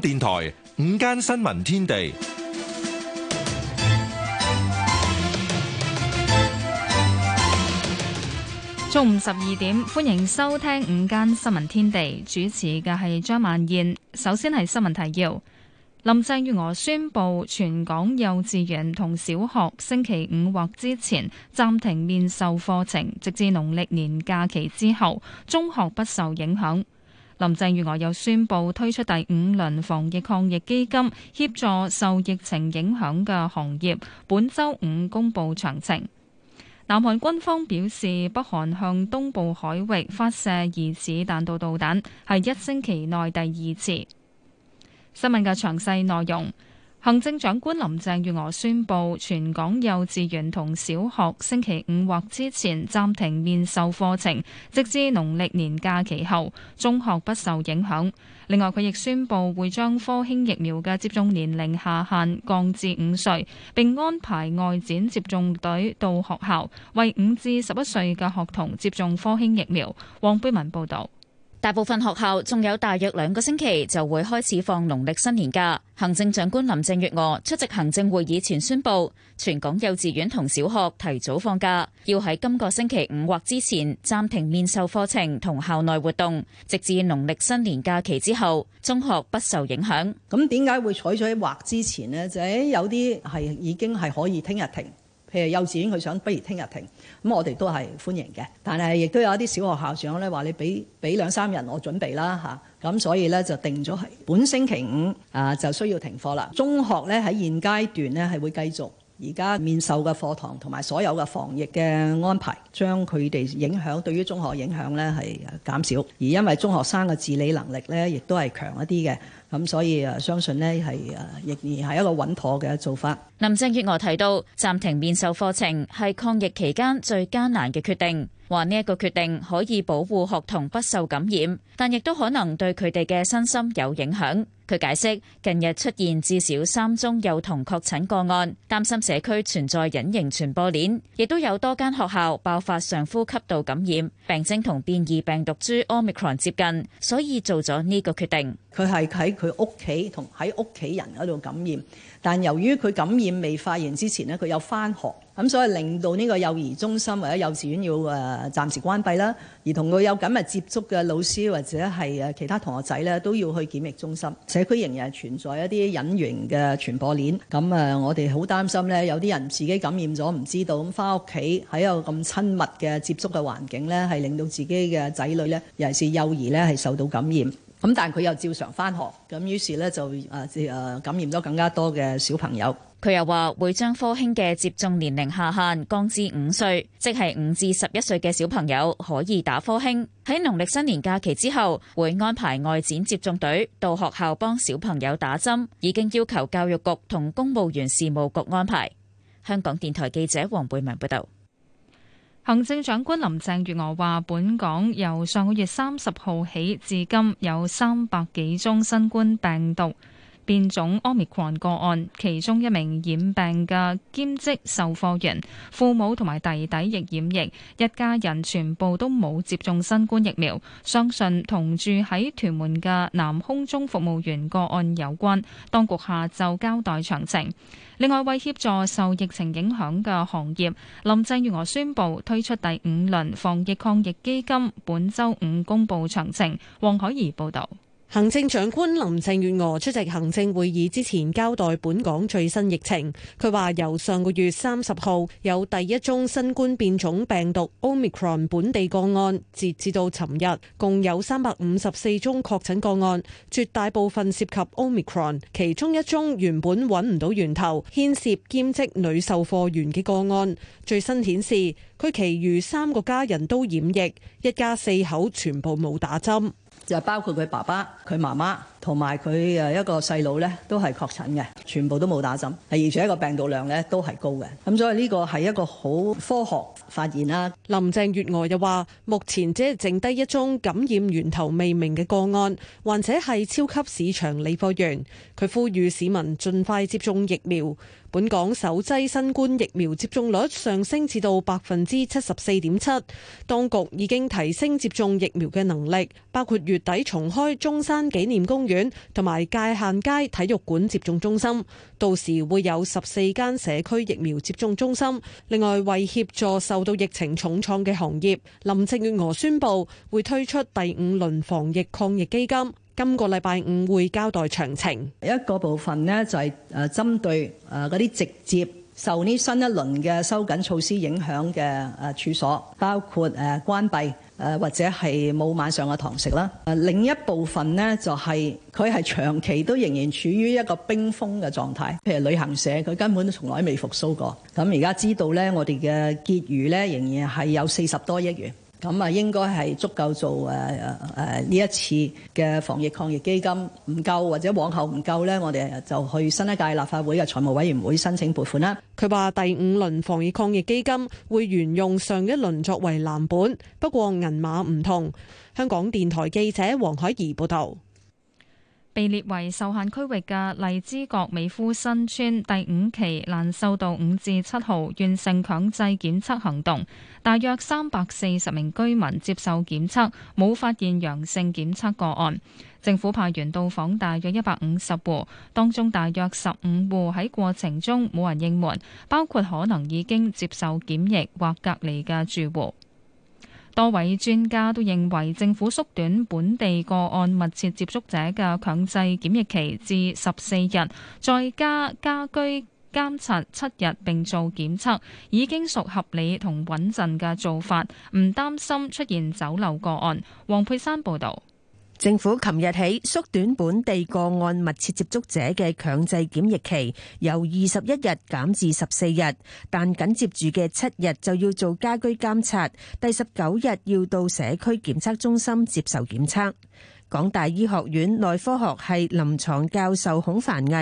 電台午間新聞天地，中午十二點歡迎收聽午間新聞天地，主持嘅係張曼燕。首先係新聞提要：林鄭月娥宣布，全港幼稚園同小學星期五或之前暫停面授課程，直至農曆年假期之後；中學不受影響。林鄭月娥又宣布推出第五輪防疫抗疫基金，協助受疫情影響嘅行業。本週五公布詳情。南韓軍方表示，北韓向東部海域發射疑似彈道導彈，係一星期內第二次。新聞嘅詳細內容。行政長官林鄭月娥宣布，全港幼稚園同小學星期五或之前暫停面授課程，直至農曆年假期後。中學不受影響。另外，佢亦宣布會將科興疫苗嘅接種年齡下限降至五歲，並安排外展接種隊到學校，為五至十一歲嘅學童接種科興疫苗。黃貝文報導。大部分學校仲有大約兩個星期就會開始放農曆新年假。行政長官林鄭月娥出席行政會議前宣布，全港幼稚園同小學提早放假，要喺今個星期五或之前暫停面授課程同校內活動，直至農曆新年假期之後。中學不受影響。咁點解會採取喺或之前呢？就係、是、有啲係已經係可以聽日停，譬如幼稚園佢想，不如聽日停。咁我哋都係歡迎嘅，但係亦都有一啲小學校長咧，話你俾俾兩三日我準備啦吓。咁、啊、所以咧就定咗係本星期五啊就需要停課啦。中學咧喺現階段咧係會繼續。而家面授嘅課堂同埋所有嘅防疫嘅安排，將佢哋影響對於中學影響咧係減少，而因為中學生嘅自理能力咧亦都係強一啲嘅，咁所以誒相信咧係誒仍然係一個穩妥嘅做法。林鄭月娥提到，暫停面授課程係抗疫期間最艱難嘅決定。話呢一個決定可以保護學童不受感染，但亦都可能對佢哋嘅身心有影響。佢解釋：近日出現至少三宗幼童確診個案，擔心社區存在隱形傳播鏈，亦都有多間學校爆發上呼吸道感染，病徵同變異病毒株 Omicron 接近，所以做咗呢個決定。佢係喺佢屋企同喺屋企人嗰度感染，但由於佢感染未發現之前咧，佢有返學。咁、嗯、所以令到呢個幼兒中心或者幼稚園要誒、呃、暫時關閉啦，而同佢有緊密接觸嘅老師或者係誒其他同學仔咧，都要去檢疫中心。社區仍然係存在一啲隱形嘅傳播鏈。咁、嗯、誒、嗯、我哋好擔心咧，有啲人自己感染咗唔知道，咁翻屋企喺一個咁親密嘅接觸嘅環境咧，係令到自己嘅仔女咧，尤其是幼兒咧，係受到感染。咁、嗯、但係佢又照常翻學，咁、嗯、於是咧就誒誒、呃呃、感染咗更加多嘅小朋友。佢又話會將科興嘅接種年齡下限降至五歲，即係五至十一歲嘅小朋友可以打科興。喺農曆新年假期之後，會安排外展接種隊到學校幫小朋友打針。已經要求教育局同公務員事務局安排。香港電台記者黃貝文報道：「行政長官林鄭月娥話：本港由上個月三十號起至今有三百幾宗新冠病毒。變種 Omicron 個案，其中一名染病嘅兼職售貨員，父母同埋弟弟亦染疫，一家人全部都冇接種新冠疫苗，相信同住喺屯門嘅男空中服務員個案有關。當局下晝交代詳情。另外，為協助受疫情影響嘅行業，林鄭月娥宣布推出第五輪防疫抗疫基金，本週五公佈詳情。黃海怡報導。行政長官林鄭月娥出席行政會議之前交代本港最新疫情，佢話由上個月三十號有第一宗新冠變種病毒 Omicron 本地個案截，截至到尋日共有三百五十四宗確診個案，絕大部分涉及 Omicron，其中一宗原本搵唔到源頭，牽涉兼職女售貨員嘅個案。最新顯示，佢其餘三個家人都染疫，一家四口全部冇打針。就包括佢爸爸、佢媽媽同埋佢誒一個細佬咧，都係確診嘅，全部都冇打針，係而且一個病毒量咧都係高嘅。咁所以呢個係一個好科學發現啦。林鄭月娥又話：目前只係剩低一宗感染源頭未明嘅個案，患者係超級市場理貨員。佢呼籲市民盡快接種疫苗。本港首劑新冠疫苗接種率上升至到百分之七十四點七，當局已經提升接種疫苗嘅能力，包括月底重開中山紀念公園同埋界限街體育館接種中心，到時會有十四間社區疫苗接種中心。另外，為協助受到疫情重創嘅行業，林鄭月娥宣布會推出第五輪防疫抗疫基金。今個禮拜五會交代詳情。一個部分呢，就係、是、誒針對誒嗰啲直接受呢新一輪嘅收緊措施影響嘅誒處所，包括誒關閉誒或者係冇晚上嘅堂食啦。誒另一部分呢，就係佢係長期都仍然處於一個冰封嘅狀態，譬如旅行社佢根本都從來未復甦過。咁而家知道呢，我哋嘅結餘呢，仍然係有四十多億元。咁啊，應該係足夠做誒誒呢一次嘅防疫抗疫基金。唔夠，或者往後唔夠呢，我哋就去新一屆立法會嘅財務委員會申請撥款啦。佢話第五輪防疫抗疫基金會沿用上一輪作為藍本，不過銀碼唔同。香港電台記者黃海怡報道。被列為受限區域嘅荔枝角美孚新村第五期蘭秀道五至七號完成強制檢測行動，大約三百四十名居民接受檢測，冇發現陽性檢測個案。政府派員到訪大約一百五十戶，當中大約十五戶喺過程中冇人應門，包括可能已經接受檢疫或隔離嘅住戶。多位專家都認為，政府縮短本地個案密切接觸者嘅強制檢疫期至十四日，再加家，家居監察七日並做檢測，已經屬合理同穩陣嘅做法，唔擔心出現走漏個案。黃佩珊報導。政府琴日起縮短本地個案密切接觸者嘅強制檢疫期，由二十一日減至十四日，但緊接住嘅七日就要做家居監察，第十九日要到社區檢測中心接受檢測。港大醫學院內科學系臨床教授孔凡毅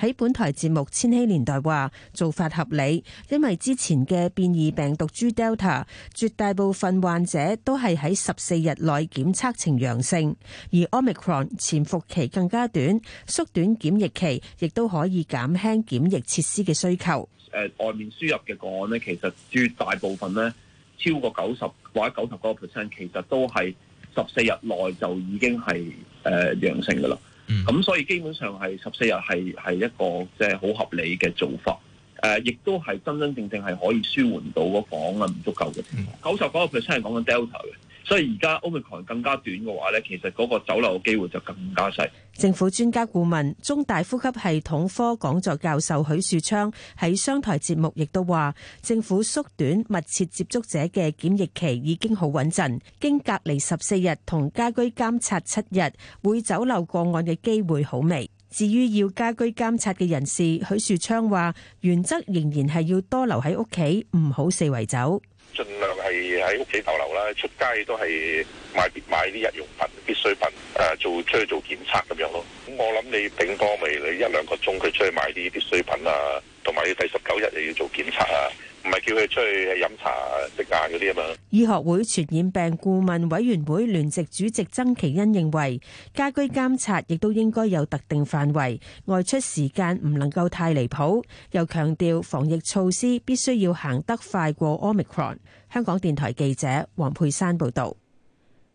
喺本台節目《千禧年代》話：做法合理，因為之前嘅變異病毒株 Delta 絕大部分患者都係喺十四日內檢測呈陽性，而 Omicron 潛伏期更加短，縮短檢疫期亦都可以減輕檢疫設施嘅需求。外面輸入嘅個案呢，其實絕大部分呢，超過九十或者九十個 percent，其實都係。十四日內就已經係誒，陽性㗎喇，咁所以基本上係十四日係係一個即係好合理嘅做法，誒、呃、亦都係真真正正係可以舒緩到個房啊唔足夠嘅情況。九十九個 percent 係講緊 Delta 嘅。所以而家 Omicron 更加短嘅話，咧，其實嗰個走漏嘅機會就更加細。政府專家顧問中大呼吸系統科講座教授許樹昌喺商台節目亦都話，政府縮短密切接觸者嘅檢疫期已經好穩陣，經隔離十四日同家居監察七日，會走漏個案嘅機會好微。至於要家居監察嘅人士，許樹昌話原則仍然係要多留喺屋企，唔好四圍走。儘量係喺屋企逗留啦，出街都係買啲買啲日用品、必需品，誒、啊、做出去做檢測咁樣咯。咁我諗你頂多咪你一兩個鐘佢出去買啲必需品啊，同埋要第十九日又要做檢測啊。唔係叫佢出去飲茶食飯嗰啲啊嘛！醫學會傳染病顧問委員會聯席主席曾奇恩認為，家居監察亦都應該有特定範圍，外出時間唔能夠太離譜。又強調防疫措施必須要行得快過 Omicron。香港電台記者黃佩珊報道。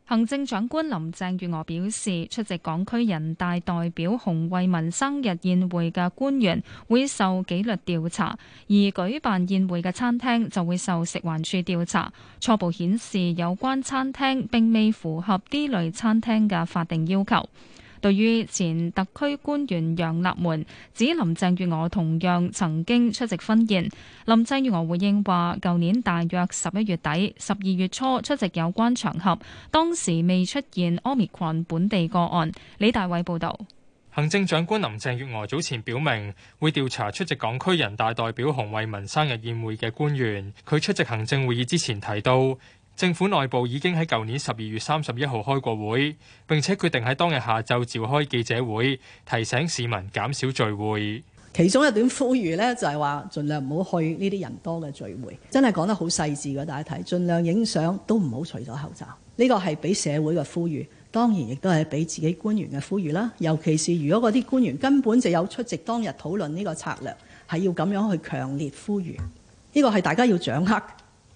行政長官林鄭月娥表示，出席港區人大代表洪為民生日宴會嘅官員會受紀律調查，而舉辦宴會嘅餐廳就會受食環署調查。初步顯示，有關餐廳並未符合呢類餐廳嘅法定要求。對於前特區官員楊立門指林鄭月娥同樣曾經出席婚宴，林鄭月娥回應話，舊年大約十一月底、十二月初出席有關場合，當時未出現 Omicron 本地個案。李大偉報導。行政長官林鄭月娥早前表明會調查出席港區人大代表洪為民生日宴會嘅官員。佢出席行政會議之前提到，政府內部已經喺舊年十二月三十一號開過會，並且決定喺當日下晝召開記者會，提醒市民減少聚會。其中一點呼籲呢，就係話，盡量唔好去呢啲人多嘅聚會，真係講得好細緻嘅。大家睇，盡量影相都唔好除咗口罩。呢個係畀社會嘅呼籲，當然亦都係畀自己官員嘅呼籲啦。尤其是如果嗰啲官員根本就有出席當日討論呢個策略，係要咁樣去強烈呼籲。呢個係大家要掌握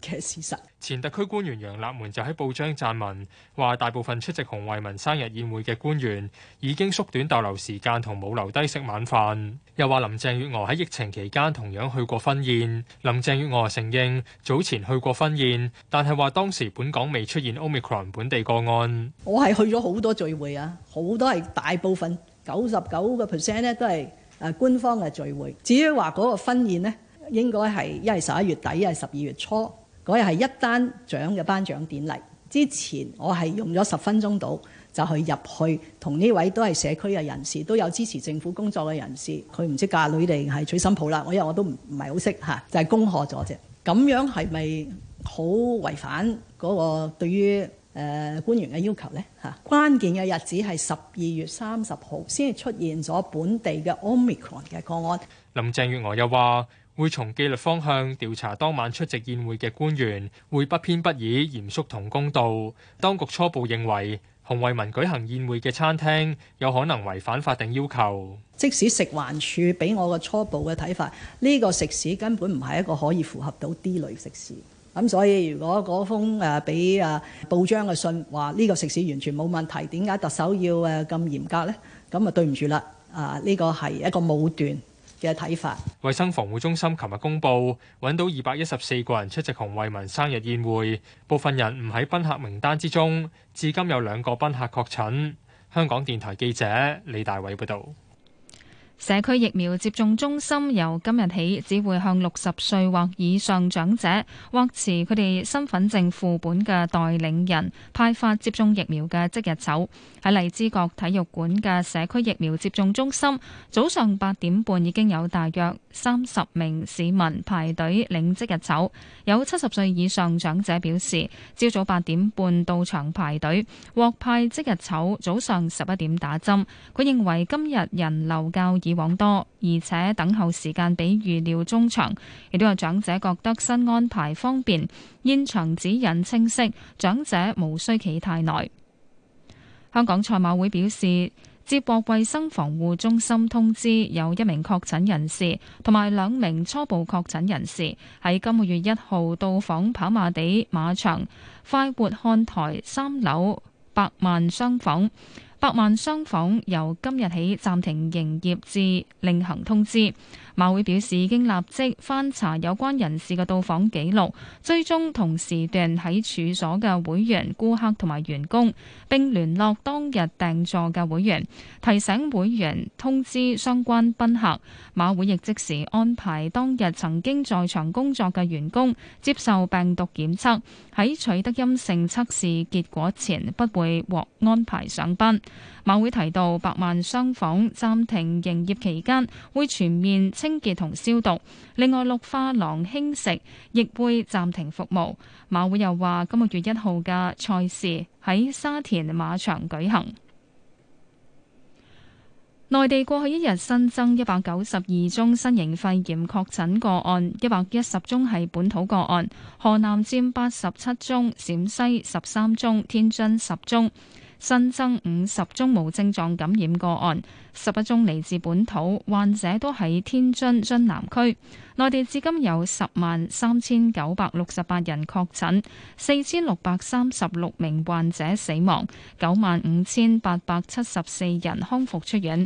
嘅事實，前特區官員楊立門就喺報章撰文，話大部分出席洪為民生日宴會嘅官員已經縮短逗留時間，同冇留低食晚飯。又話林鄭月娥喺疫情期間同樣去過婚宴。林鄭月娥承認早前去過婚宴，但係話當時本港未出現 Omicron 本地個案。我係去咗好多聚會啊，好多係大部分九十九個 percent 呢都係誒官方嘅聚會。至於話嗰個婚宴呢，應該係一係十一月底，一係十二月初。嗰日係一單獎嘅頒獎典禮，之前我係用咗十分鐘到就去入去同呢位都係社區嘅人士，都有支持政府工作嘅人士，佢唔知嫁女定係娶新抱啦，我因為我都唔唔係好識嚇，就係、是、恭賀咗啫。咁樣係咪好違反嗰個對於、呃、官員嘅要求呢？嚇、啊？關鍵嘅日子係十二月三十號先係出現咗本地嘅 Omicron 嘅個案。林鄭月娥又話。會從紀律方向調查當晚出席宴會嘅官員，會不偏不倚、嚴肅同公道。當局初步認為，洪為民舉行宴會嘅餐廳有可能違反法定要求。即使食環署俾我嘅初步嘅睇法，呢、這個食肆根本唔係一個可以符合到 D 類食肆。咁所以，如果嗰封誒俾啊報章嘅信話呢個食肆完全冇問題，點解特首要誒咁、呃、嚴格呢？咁啊對唔住啦，啊、呃、呢、這個係一個武斷。嘅衛生防護中心琴日公布，揾到二百一十四個人出席洪為民生日宴會，部分人唔喺賓客名單之中，至今有兩個賓客確診。香港電台記者李大偉報道。社區疫苗接種中心由今日起，只會向六十歲或以上長者，或持佢哋身份證副本嘅代領人派發接種疫苗嘅即日籌。喺荔枝角體育館嘅社區疫苗接種中心，早上八點半已經有大約三十名市民排隊領即日籌，有七十歲以上長者表示，朝早八點半到場排隊，獲派即日籌，早上十一點打針。佢認為今日人流較以往多，而且等候時間比預料中長。亦都有長者覺得新安排方便，現場指引清晰，長者無需企太耐。香港賽馬會表示，接獲衛生防護中心通知，有一名確診人士同埋兩名初步確診人士喺今個月一號到訪跑馬地馬場快活看台三樓百萬廂房，百萬廂房由今日起暫停營業至另行通知。馬會表示已經立即翻查有關人士嘅到訪記錄，追蹤同時段喺處所嘅會員顧客同埋員工，並聯絡當日訂座嘅會員，提醒會員通知相關賓客。馬會亦即時安排當日曾經在場工作嘅員工接受病毒檢測，喺取得陰性測試結果前不會獲安排上班。馬會提到，百萬商房暫停營業期間會全面清潔同消毒。另外，綠化廊輕食亦會暫停服務。馬會又話，今個月一號嘅賽事喺沙田馬場舉行。內地過去一日新增一百九十二宗新型肺炎確診個案，一百一十宗係本土個案，河南佔八十七宗，陝西十三宗，天津十宗。新增五十宗無症狀感染個案，十一宗嚟自本土，患者都喺天津津南區。內地至今有十萬三千九百六十八人確診，四千六百三十六名患者死亡，九萬五千八百七十四人康復出院。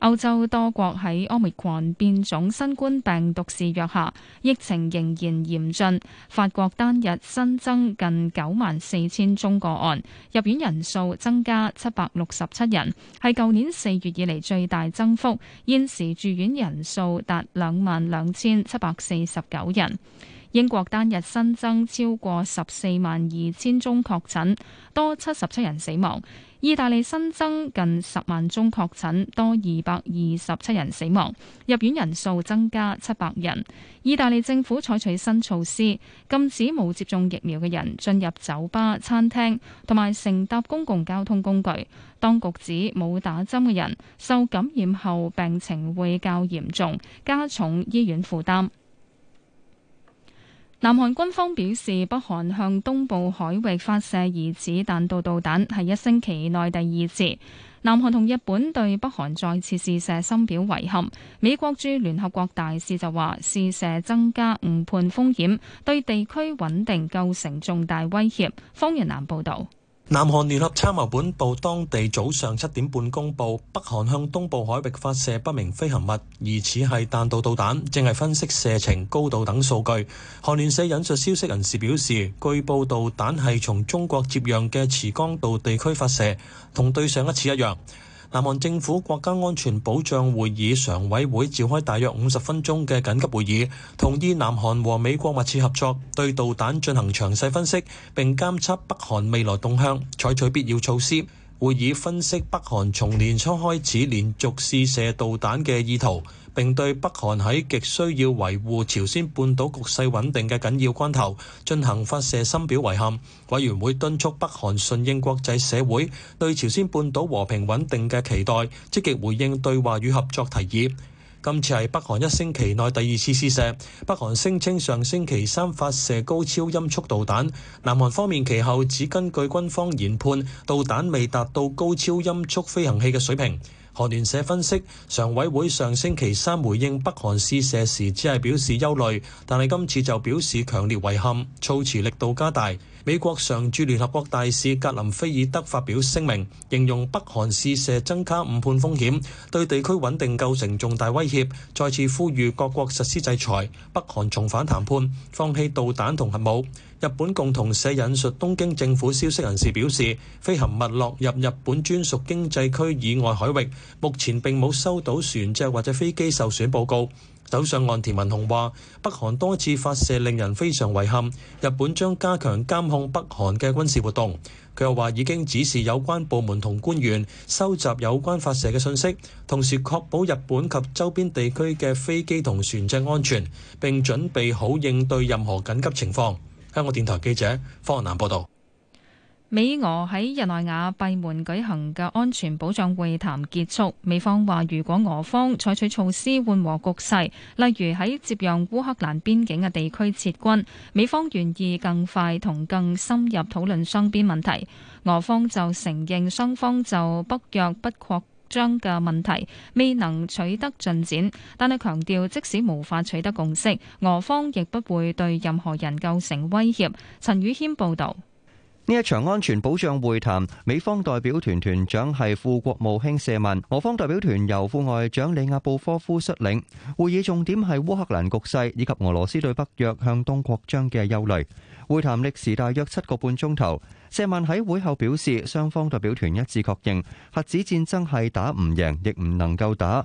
歐洲多國喺奧密克戎變種新冠病毒肆虐下，疫情仍然嚴峻。法國單日新增近九萬四千宗個案，入院人數增加七百六十七人，係舊年四月以嚟，最大增幅。現時住院人數達兩萬兩千七百四十九人。英國單日新增超過十四萬二千宗確診，多七十七人死亡。意大利新增近十萬宗確診，多二百二十七人死亡，入院人數增加七百人。意大利政府採取新措施，禁止冇接種疫苗嘅人進入酒吧、餐廳同埋乘搭公共交通工具。當局指冇打針嘅人受感染後病情會較嚴重，加重醫院負擔。南韓軍方表示，北韓向東部海域發射疑似彈道導彈，係一星期內第二次。南韓同日本對北韓再次試射深表遺憾。美國駐聯合國大使就話，試射增加誤判風險，對地區穩定構成重大威脅。方若南報導。南韓聯合參謀本部當地早上七點半公佈，北韓向東部海域發射不明飛行物，疑似係彈道導彈，正係分析射程、高度等數據。韓聯社引述消息人士表示，據報導彈係從中國接壤嘅慈江道地區發射，同對上一次一樣。南韓政府國家安全保障會議常委會召開大約五十分鐘嘅緊急會議，同意南韓和美國密切合作，對導彈進行詳細分析，並監測北韓未來動向，採取必要措施。會議分析北韓從年初開始連續試射導彈嘅意圖，並對北韓喺極需要維護朝鮮半島局勢穩定嘅緊要關頭進行發射深表遺憾。委員會敦促北韓順應國際社會對朝鮮半島和平穩定嘅期待，積極回應對話與合作提議。今次係北韓一星期內第二次試射。北韓聲稱上星期三發射高超音速導彈，南韓方面其後只根據軍方研判導彈未達到高超音速飛行器嘅水平。韓聯社分析，常委會上星期三回應北韓試射時只係表示憂慮，但係今次就表示強烈遺憾，措辭力度加大。美國常駐聯合國大使格林菲爾德發表聲明，形容北韓試射增加誤判風險，對地區穩定構成重大威脅，再次呼籲各國實施制裁，北韓重返談判，放棄導彈同核武。日本共同社引述東京政府消息人士表示，飛行物落入日本專屬經濟區以外海域，目前並冇收到船隻或者飛機受損報告。首相岸田文雄話北韓多次發射令人非常遺憾，日本將加強監控北韓嘅軍事活動，佢又話已經指示有關部門同官員收集有關發射嘅信息，同時確保日本及周邊地區嘅飛機同船隻安全，並準備好應對任何緊急情況，香港電台記者方南報道。美俄喺日內瓦閉門舉行嘅安全保障會談結束，美方話如果俄方採取措施緩和局勢，例如喺接壤烏克蘭邊境嘅地區撤軍，美方願意更快同更深入討論雙邊問題，俄方就承認雙方就北約不擴張嘅問題未能取得進展，但係強調即使無法取得共識，俄方亦不會對任何人構成威脅。陳宇謙報道。呢一場安全保障會談，美方代表團團長係副國務卿謝萬，俄方代表團由副外長里亞布科夫率領。會議重點係烏克蘭局勢以及俄羅斯對北約向東擴張嘅憂慮。會談歷時大約七個半鐘頭。謝萬喺會後表示，雙方代表團一致確認，核子戰爭係打唔贏，亦唔能夠打。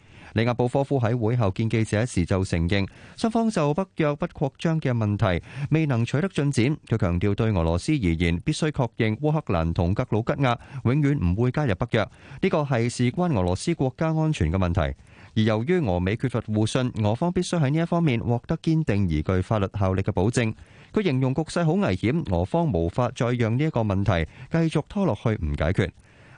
里亞布科夫喺會後見記者時就承認，雙方就北約不擴張嘅問題未能取得進展。佢強調對俄羅斯而言，必須確認烏克蘭同格魯吉亞永遠唔會加入北約，呢個係事關俄羅斯國家安全嘅問題。而由於俄美缺乏互信，俄方必須喺呢一方面獲得堅定而具法律效力嘅保證。佢形容局勢好危險，俄方無法再讓呢一個問題繼續拖落去唔解決。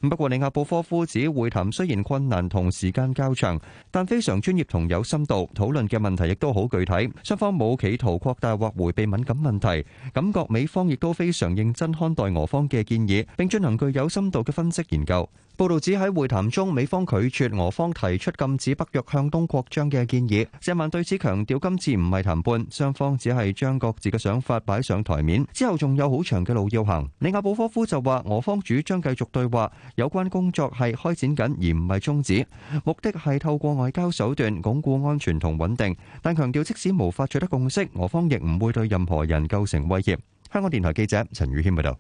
不過，里亞布科夫指會談雖然困難同時間較長，但非常專業同有深度，討論嘅問題亦都好具體。雙方冇企圖擴大或回避敏感問題，感覺美方亦都非常認真看待俄方嘅建議，並進行具有深度嘅分析研究。報道指喺會談中，美方拒絕俄方提出禁止北約向東擴張嘅建議。謝曼對此強調，今次唔係談判，雙方只係將各自嘅想法擺上台面，之後仲有好長嘅路要行。李亞保科夫就話，俄方主張繼續對話，有關工作係開展緊而唔係終止，目的係透過外交手段鞏固安全同穩定。但強調，即使無法取得共識，俄方亦唔會對任何人構成威脅。香港電台記者陳宇謙報道。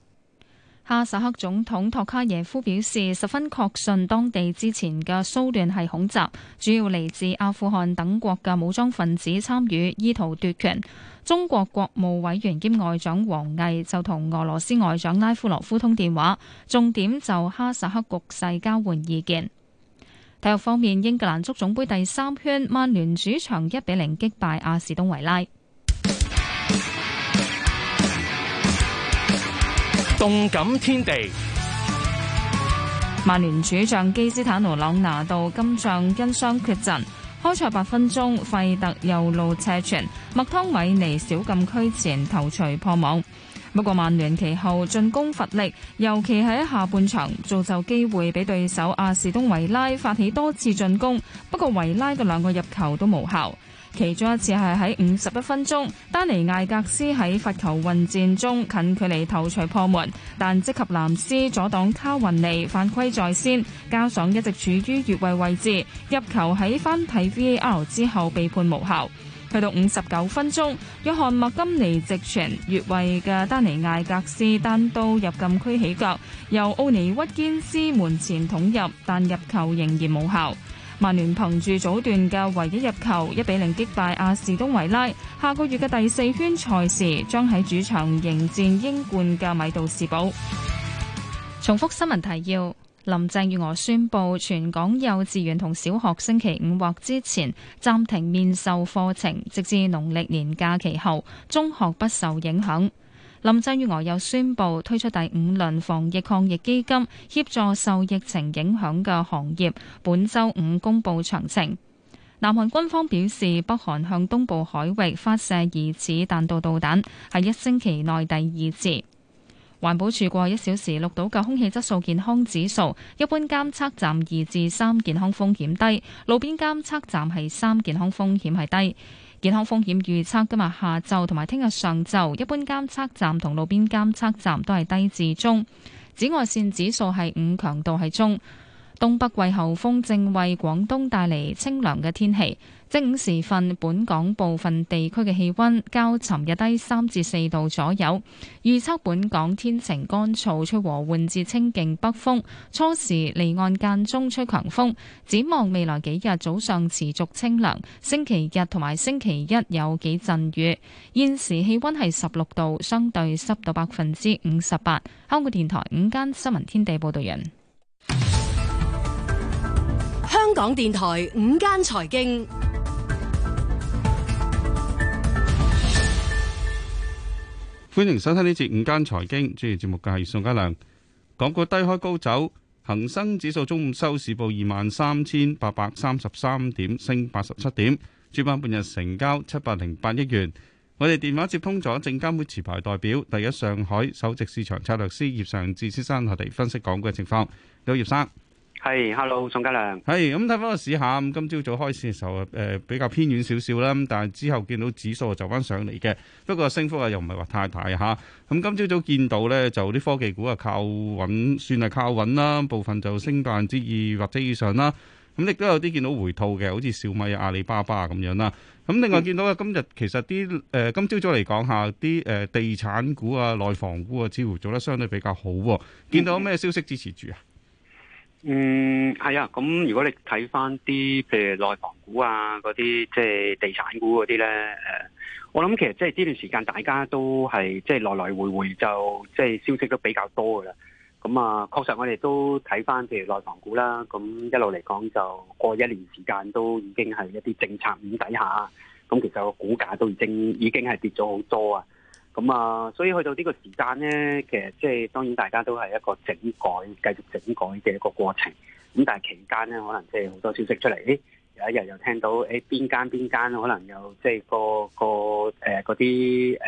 哈薩克總統托卡耶夫表示十分確信當地之前嘅騷亂係恐襲，主要嚟自阿富汗等國嘅武裝分子參與意圖奪權。中國國務委員兼外長王毅就同俄羅斯外長拉夫羅夫通電話，重點就哈薩克局勢交換意見。體育方面，英格蘭足總杯第三圈，曼聯主場一比零擊敗阿士東維拉。動感天地，曼聯主將基斯坦奴·朗拿度今仗因傷缺陣，開賽八分鐘，費特右路斜傳，麥湯米尼小禁區前頭槌破網。不過曼聯其後進攻乏力，尤其喺下半場造就機會俾對手阿士東維拉發起多次進攻，不過維拉嘅兩個入球都無效。其中一次係喺五十一分鐘，丹尼艾格斯喺罰球混戰中近距離頭槌破門，但即及藍斯阻擋卡雲尼，犯規在先，加爽一直處於越位位置，入球喺翻睇 VAR 之後被判無效。去到五十九分鐘，約翰麥金尼直傳越位嘅丹尼艾格斯，單刀入禁區起腳，由奧尼屈堅斯門前捅入，但入球仍然無效。曼聯憑住早段嘅唯一入球，一比零擊敗阿士東維拉。下個月嘅第四圈賽事將喺主場迎戰英冠嘅米杜士堡。重複新聞提要：林鄭月娥宣布，全港幼稚園同小學星期五或之前暫停面授課程，直至農曆年假期後。中學不受影響。林鄭月娥又宣布推出第五輪防疫抗疫基金，協助受疫情影響嘅行業。本周五公布詳情。南韓軍方表示，北韓向東部海域發射疑似彈道導彈，係一星期內第二次。環保署過一小時錄到嘅空氣質素健康指數，一般監測站二至三，健康風險低；路邊監測站係三，健康風險係低。健康風險預測今日下晝同埋聽日上晝，一般監測站同路邊監測站都係低至中。紫外線指數係五，強度係中。東北季候風正為廣東帶嚟清涼嘅天氣。正午時分，本港部分地區嘅氣溫較尋日低三至四度左右。預測本港天晴乾燥，吹和緩至清勁北風，初時離岸間中吹強風。展望未來幾日早上持續清涼，星期日同埋星期一有幾陣雨。現時氣溫係十六度，相對濕度百分之五十八。香港電台午間新聞天地報道完，香港電台午間財經。歡迎收聽呢節午間財經，主持節目嘅係宋家良。港股低開高走，恒生指數中午收市報二萬三千八百三十三點，升八十七點，主板半日成交七百零八億元。我哋電話接通咗證監會持牌代表、第一上海首席市場策略師葉尚志先生，我哋分析港股嘅情況。你好，葉生。係，hello，宋家良。係，咁睇翻個市下。咁今朝早,早開市嘅時候誒、呃，比較偏遠少少啦，咁但係之後見到指數就翻上嚟嘅，不過升幅啊又唔係話太大吓。咁今朝早,早見到咧，就啲科技股啊靠穩，算係靠穩啦，部分就升百分之二或者以上啦。咁亦都有啲見到回吐嘅，好似小米、阿里巴巴咁樣啦。咁另外見到咧、呃，今日其實啲誒，今朝早嚟講下啲誒地產股啊、內房股啊，似乎做得相對比較好。見到咩消息支持住啊？嗯，係啊，咁如果你睇翻啲，譬如內房股啊，嗰啲即係地產股嗰啲咧，誒，我諗其實即係呢段時間大家都係即係來來回回就即係消息都比較多噶啦。咁啊，確實我哋都睇翻譬如內房股啦，咁一路嚟講就過一年時間都已經係一啲政策影底下，咁其實個股價都已經已經係跌咗好多啊。咁啊、嗯，所以去到呢個時間咧，其實即、就、係、是、當然大家都係一個整改、繼續整改嘅一個過程。咁但係期間咧，可能即係好多消息出嚟，誒、欸、有一日又聽到誒邊、欸、間邊間可能又即係個個誒嗰啲誒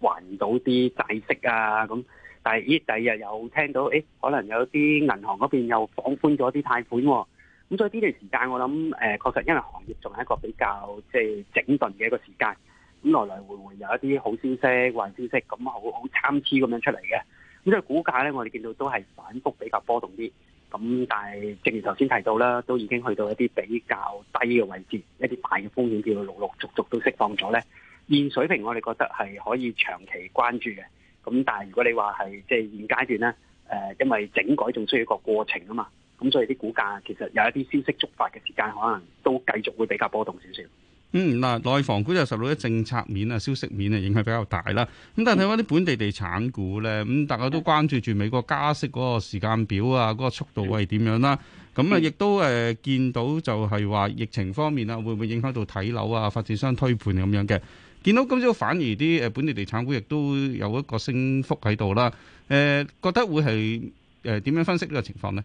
還到啲債息啊咁。但係依第二日又聽到誒、欸，可能有啲銀行嗰邊又放寬咗啲貸款喎、啊。咁、嗯、所以呢段時間我，我諗誒確實因為行業仲係一個比較即係、就是、整頓嘅一個時間。咁來來回回有一啲好消息壞消息，咁好好參差咁樣出嚟嘅。咁即係股價咧，我哋見到都係反覆比較波動啲。咁但係正如頭先提到啦，都已經去到一啲比較低嘅位置，一啲大嘅風險叫做陸陸續續都釋放咗咧。現水平我哋覺得係可以長期關注嘅。咁但係如果你話係即係現階段咧，誒、呃，因為整改仲需要一個過程啊嘛。咁所以啲股價其實有一啲消息觸發嘅時間，可能都繼續會比較波動少少。嗯，嗱，內房股就受到啲政策面啊、消息面啊影響比較大啦。咁但係睇翻啲本地地產股咧，咁大家都關注住美國加息嗰個時間表啊、嗰、嗰個速度係點樣啦。咁啊，亦、嗯嗯嗯、都誒、呃、見到就係話疫情方面啊，會唔會影響到睇樓啊、發展商推盤咁樣嘅？見到今朝反而啲誒本地地產股亦都有一個升幅喺度啦。誒、呃，覺得會係誒點樣分析呢個情況呢？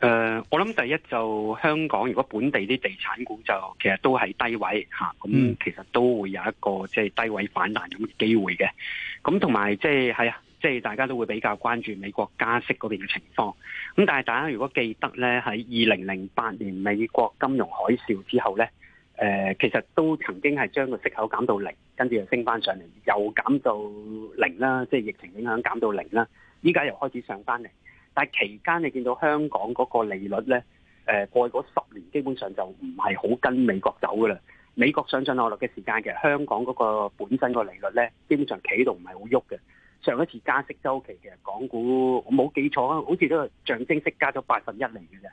誒，uh, 我諗第一就香港，如果本地啲地產股就其實都係低位吓，咁、mm. 啊、其實都會有一個即係、就是、低位反彈咁嘅機會嘅。咁同埋即係係啊，即係、就是、大家都會比較關注美國加息嗰邊嘅情況。咁但係大家如果記得呢，喺二零零八年美國金融海嘯之後呢，誒、呃，其實都曾經係將個息口減到零，跟住又升翻上嚟，又減到零啦，即係疫情影響減到零啦，依家又開始上翻嚟。但係期間你見到香港嗰個利率咧，誒，過去嗰十年基本上就唔係好跟美國走嘅啦。美國上上落落嘅時間，其實香港嗰個本身個利率咧，基本上企度唔係好喐嘅。上一次加息週期其實港股我冇記錯，好似都係象徵式加咗八分一嚟嘅啫。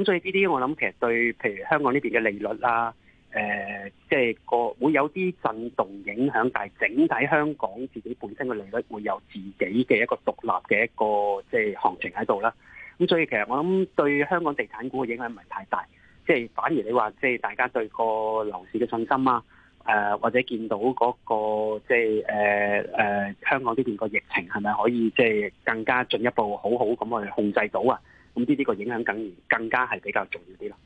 咁所以呢啲我諗其實對譬如香港呢邊嘅利率啦、啊。誒、呃，即係個會有啲震動影響，但係整體香港自己本身嘅利率會有自己嘅一個獨立嘅一個即係行情喺度啦。咁、嗯、所以其實我諗對香港地產股嘅影響唔係太大，即係反而你話即係大家對個樓市嘅信心啊，誒、呃、或者見到嗰、那個即係誒誒香港呢邊個疫情係咪可以即係更加進一步好好咁去控制到啊？咁呢啲個影響梗係更加係比較重要啲啦。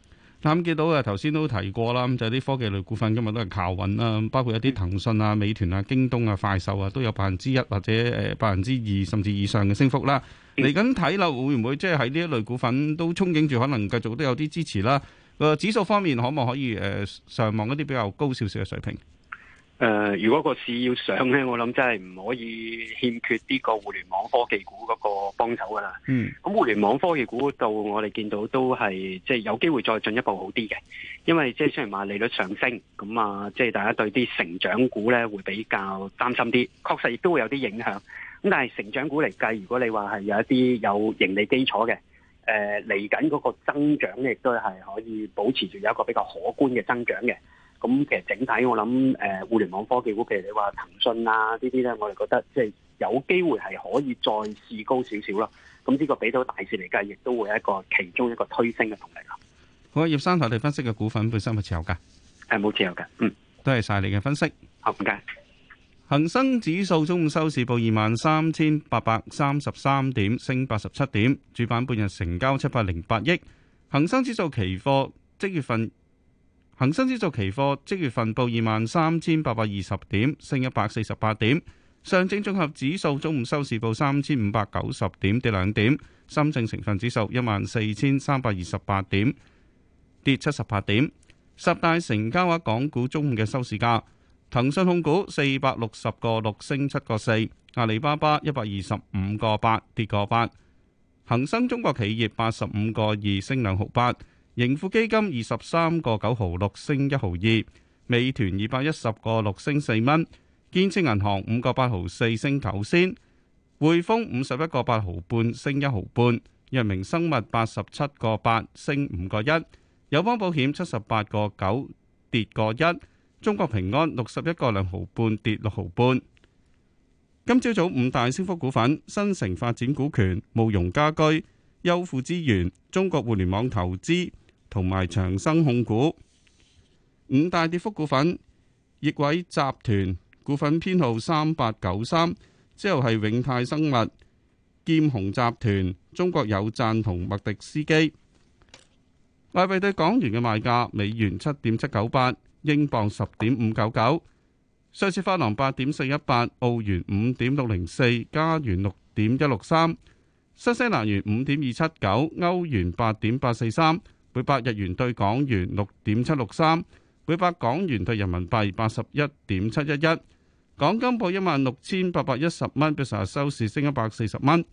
咁見到啊，頭先都提過啦，咁就啲科技類股份今日都係靠穩啦，包括一啲騰訊啊、美團啊、京東啊、快手啊，都有百分之一或者誒百分之二甚至以上嘅升幅啦。嚟緊睇樓會唔會即係喺呢一類股份都憧憬住可能繼續都有啲支持啦？誒，指數方面可唔可以誒上望一啲比較高少少嘅水平？誒、呃，如果個市要上咧，我諗真係唔可以欠缺呢個互聯網科技股嗰個幫手㗎啦。嗯，咁互聯網科技股度，我哋見到都係即係有機會再進一步好啲嘅，因為即係雖然話利率上升，咁啊，即係大家對啲成長股咧會比較擔心啲，確實亦都會有啲影響。咁但係成長股嚟計，如果你話係有一啲有盈利基礎嘅，誒嚟緊嗰個增長亦都係可以保持住有一個比較可觀嘅增長嘅。咁其實整體我諗，誒，互聯網科技股，譬如你話騰訊啊，呢啲咧，我哋覺得即係有機會係可以再試高少少啦。咁呢個俾到大市嚟計，亦都會係一個其中一個推升嘅動力啦。好，葉生頭地分析嘅股份本身係持有噶，係冇持有嘅。嗯，多謝晒你嘅分析。好唔該。謝謝。恒生指數中午收市報二萬三千八百三十三點，升八十七點。主板半日成交七百零八億。恒生指數期貨即月份，恒生指數期貨即月份報二萬三千八百二十點，升一百四十八點。上證綜合指數中午收市報三千五百九十點，跌兩點。深證成分指數一萬四千三百二十八點，跌七十八點。十大成交額港股中午嘅收市價：騰訊控股四百六十個六升七個四，阿里巴巴一百二十五個八跌個八，恒生中國企業八十五個二升兩毫八。盈富基金二十三個九毫六升一毫二，美團二百一十個六升四蚊，建設銀行五個八毫四升九仙，匯豐五十一個八毫半升一毫半，藥明生物八十七個八升五個一，友邦保險七十八個九跌個一，中國平安六十一個兩毫半跌六毫半。今朝早早五大升幅股份：新城發展股權、慕容家居、優富資源、中國互聯網投資。同埋長生控股。五大跌幅股份，易偉集團股份編號三八九三，之後係永泰生物、劍雄集團、中國有贊同麥迪斯基。外匯對港元嘅賣價，美元七點七九八，英鎊十點五九九，瑞士法郎八點四一八，澳元五點六零四，加元六點一六三，新西蘭元五點二七九，歐元八點八四三。每百日元兌港元六點七六三，每百港元兌人民幣八十一點七一一。港金報一萬六千八百一十蚊，比成日收市升一百四十蚊。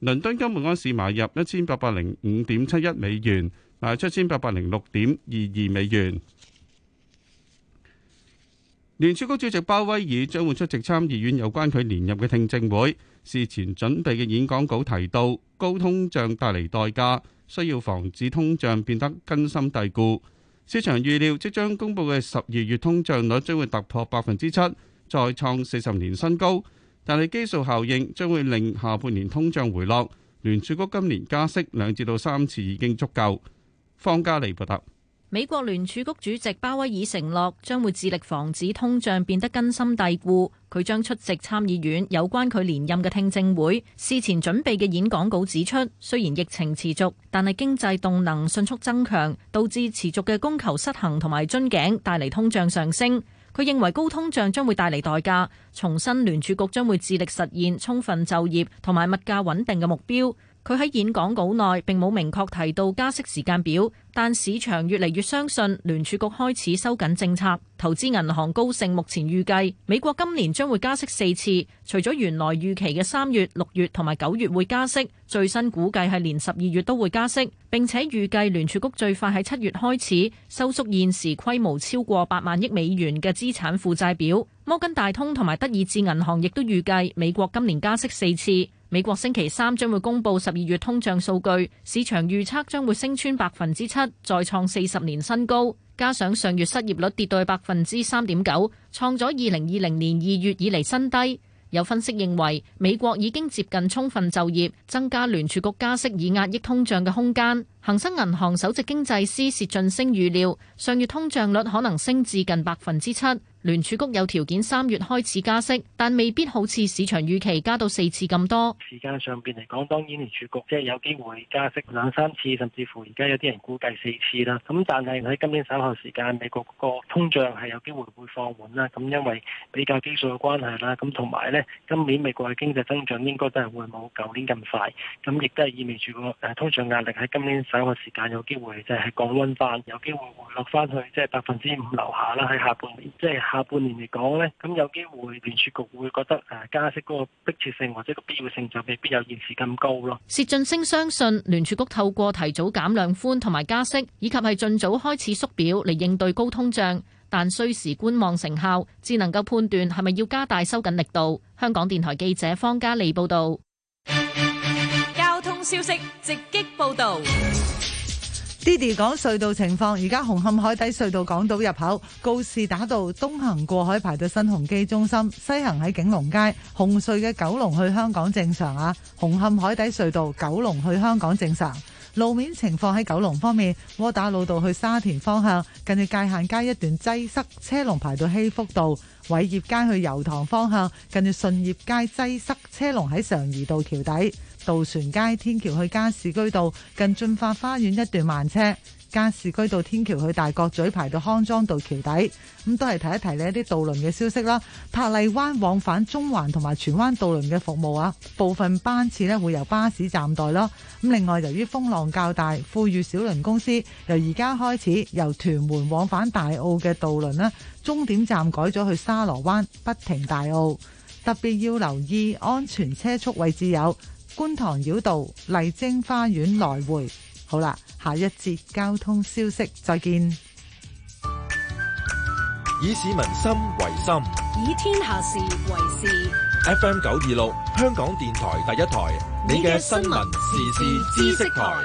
倫敦金每安士買入一千八百零五點七一美元，賣出一千八百零六點二二美元。聯儲局主席鮑威爾將會出席參議院有關佢連任嘅聽證會。事前準備嘅演講稿提到，高通脹帶嚟代價，需要防止通脹變得根深蒂固。市場預料即將公佈嘅十二月通脹率將會突破百分之七，再創四十年新高。但係基數效應將會令下半年通脹回落。聯儲局今年加息兩至到三次已經足夠。方嘉利報道。美國聯儲局主席鮑威爾承諾將會致力防止通脹變得根深蒂固。佢將出席參議院有關佢連任嘅聽證會。事前準備嘅演講稿指出，雖然疫情持續，但係經濟動能迅速增強，導致持續嘅供求失衡同埋樽頸，帶嚟通脹上升。佢認為高通脹將會帶嚟代價。重申聯儲局將會致力實現充分就業同埋物價穩定嘅目標。佢喺演講稿內並冇明確提到加息時間表，但市場越嚟越相信聯儲局開始收緊政策。投資銀行高盛目前預計美國今年將會加息四次，除咗原來預期嘅三月、六月同埋九月會加息，最新估計係連十二月都會加息。並且預計聯儲局最快喺七月開始收縮現時規模超過八萬億美元嘅資產負債表。摩根大通同埋德意志銀行亦都預計美國今年加息四次。美國星期三將會公布十二月通脹數據，市場預測將會升穿百分之七，再創四十年新高。加上上月失業率跌到百分之三點九，創咗二零二零年二月以嚟新低。有分析認為，美國已經接近充分就業，增加聯儲局加息以壓抑通脹嘅空間。恒生銀行首席經濟師薛俊升預料，上月通脹率可能升至近百分之七。聯儲局有條件三月開始加息，但未必好似市場預期加到四次咁多。時間上邊嚟講，當然聯儲局即係有機會加息兩三次，甚至乎而家有啲人估計四次啦。咁但係喺今年稍後時間，美國個通脹係有機會會放緩啦。咁因為比較基數嘅關係啦，咁同埋咧，今年美國嘅經濟增長應該都係會冇舊年咁快。咁亦都係意味住個誒通脹壓力喺今年稍後時間有機會即係降溫翻，有機會回落翻去即係百分之五樓下啦。喺下半年即係。就是下半年嚟講呢，咁有機會聯儲局會覺得誒加息嗰個迫切性或者個必要性就未必有現時咁高咯。薛俊升相信聯儲局透過提早減量寬同埋加息，以及係儘早開始縮表嚟應對高通脹，但需時觀望成效，至能夠判斷係咪要加大收緊力度。香港電台記者方嘉利報道。交通消息直擊報導。d i d 講隧道情況，而家紅磡海底隧道港島入口告士打道東行過海排到新鴻基中心，西行喺景隆街。紅隧嘅九龍去香港正常啊，紅磡海底隧道九龍去香港正常。路面情況喺九龍方面，窩打老道去沙田方向近住界限街一段擠塞，車龍排到希福道；偉業街去油塘方向近住順業街擠塞，車龍喺常怡道橋底。渡船街天橋去加士居道近駿發花園一段慢車，加士居道天橋去大角咀排到康莊道橋底。咁都係提一提咧一啲渡輪嘅消息啦。珀麗灣往返中環同埋荃灣渡輪嘅服務啊，部分班次呢會由巴士站代咯。咁另外，由於風浪較大，富裕小輪公司由而家開始由屯門往返大澳嘅渡輪咧，終點站改咗去沙螺灣，不停大澳。特別要留意安全車速位置有。觀塘繞道麗晶花園來回，好啦，下一節交通消息再見。以市民心為心，以天下事為事。FM 九二六，香港電台第一台，你嘅新聞時事知識台。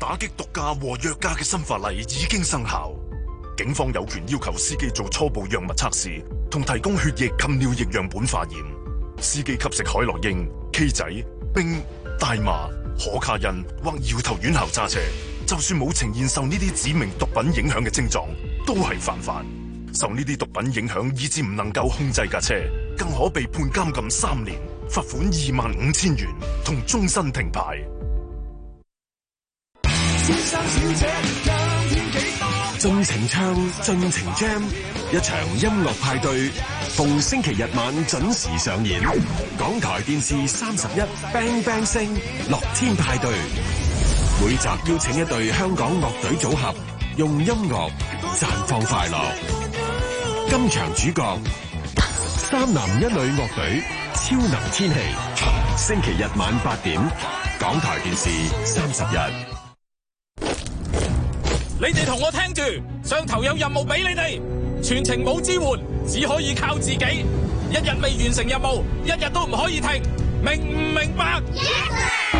打擊毒駕和藥駕嘅新法例已經生效，警方有權要求司機做初步藥物測試，同提供血液及尿液樣本化驗。司機吸食海洛因、K 仔、冰、大麻、可卡因或搖頭丸後揸車，就算冇呈現受呢啲指明毒品影響嘅症狀，都係犯法。受呢啲毒品影響，以致唔能夠控制架車，更可被判監禁三年，罰款二萬五千元，同終身停牌。盡情唱，盡情 jam，一場音樂派對，逢星期日晚準時上演。港台電視三十一，bang bang 聲，樂天派對。每集邀請一對香港樂隊組合，用音樂綻放快樂。今場主角三男一女樂隊超能天氣，星期日晚八點，港台電視三十日。你哋同我聽住，上頭有任務俾你哋，全程冇支援，只可以靠自己。一日未完成任務，一日都唔可以停，明唔明白？Yeah.